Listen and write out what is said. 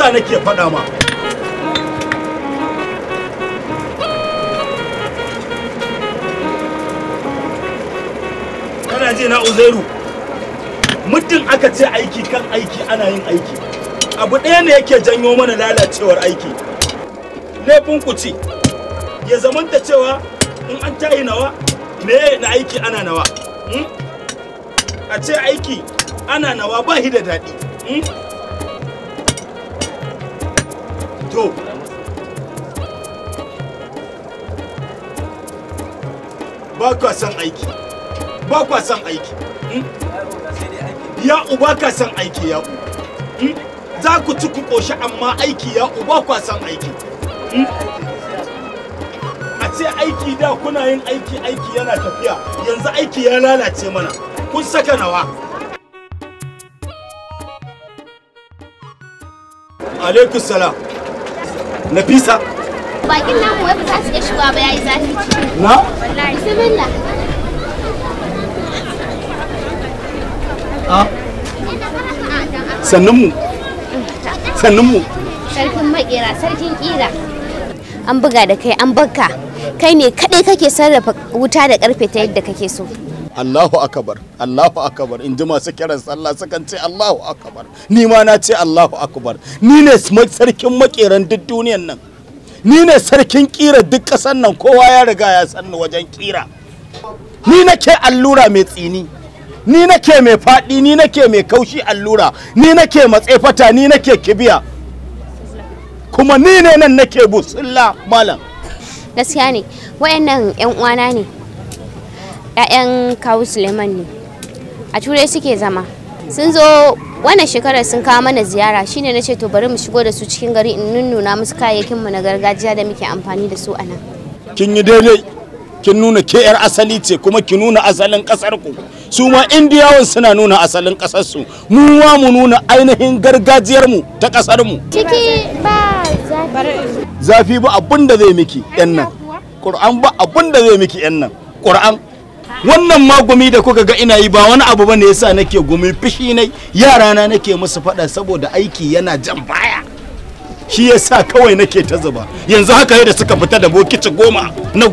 yasa nake faɗa ma kana ji na uzairu muddin aka ce aiki kan aiki ana yin aiki abu ɗaya ne yake janyo mana lalacewar aiki laifin ku ya zamanta cewa in an tayi nawa me na aiki ana nawa hmm? a ce aiki ana nawa ba hi da daɗi hmm? go. ba ka san aiki ba hmm? ka san aiki ya uba ka san aiki ya uba za ku ci ku koshi amma aiki ya uba kwa san aiki hmm? a ce aiki da kuna yin aiki aiki yana tafiya yanzu aiki ya lalace mana kun saka nawa alaikus salam Nafisa. Bakin namu wai ba za su iya shiga ba yayi zafi. Na? Wallahi bismillah. Ah. Sannan mu. mu. Sarkin makera, sarkin kira. An buga da kai, an baka. Kai ne kadai kake sarrafa wuta da karfe ta yadda kake so. Allahu akabar Allahu akabar in ji masu kiran sallah sukan ce Allahu akabar ni ma na ce Allahu akabar ni ne sarkin makeran duk duniyan nan ni ne sarkin kira duk ƙasar nan kowa ya riga ya ni wajen kira ni nake allura mai tsini ni nake mai faɗi ni nake mai kaushi allura ni nake matsefata ni nake kibiya kuma ni ne nan nake busulla malam gaskiya ne wayannan yan uwana ne 'ya'yan kawu suleiman ne a turai suke zama sun zo wannan shekarar sun kawo mana ziyara shine na ce to bari mu shigo da su cikin gari in nunnuna musu kayayyakinmu na gargajiya da muke amfani da su a nan kin yi daidai kin nuna ke yar asali ce kuma ki nuna asalin kasar ku su ma indiyawan suna nuna asalin kasar su mu ma mu nuna ainihin gargajiyar mu ta kasar mu ciki ba zafi zafi ba abun da zai miki yan nan qur'an ba abun da zai miki yan nan qur'an wannan magumi da kuka ga ina yi ba wani abu bane yasa nake gumi fishi na yara na nake musu faɗa saboda aiki yana jan baya shi yasa kawai nake ta zuba yanzu haka da suka fita da bokici goma na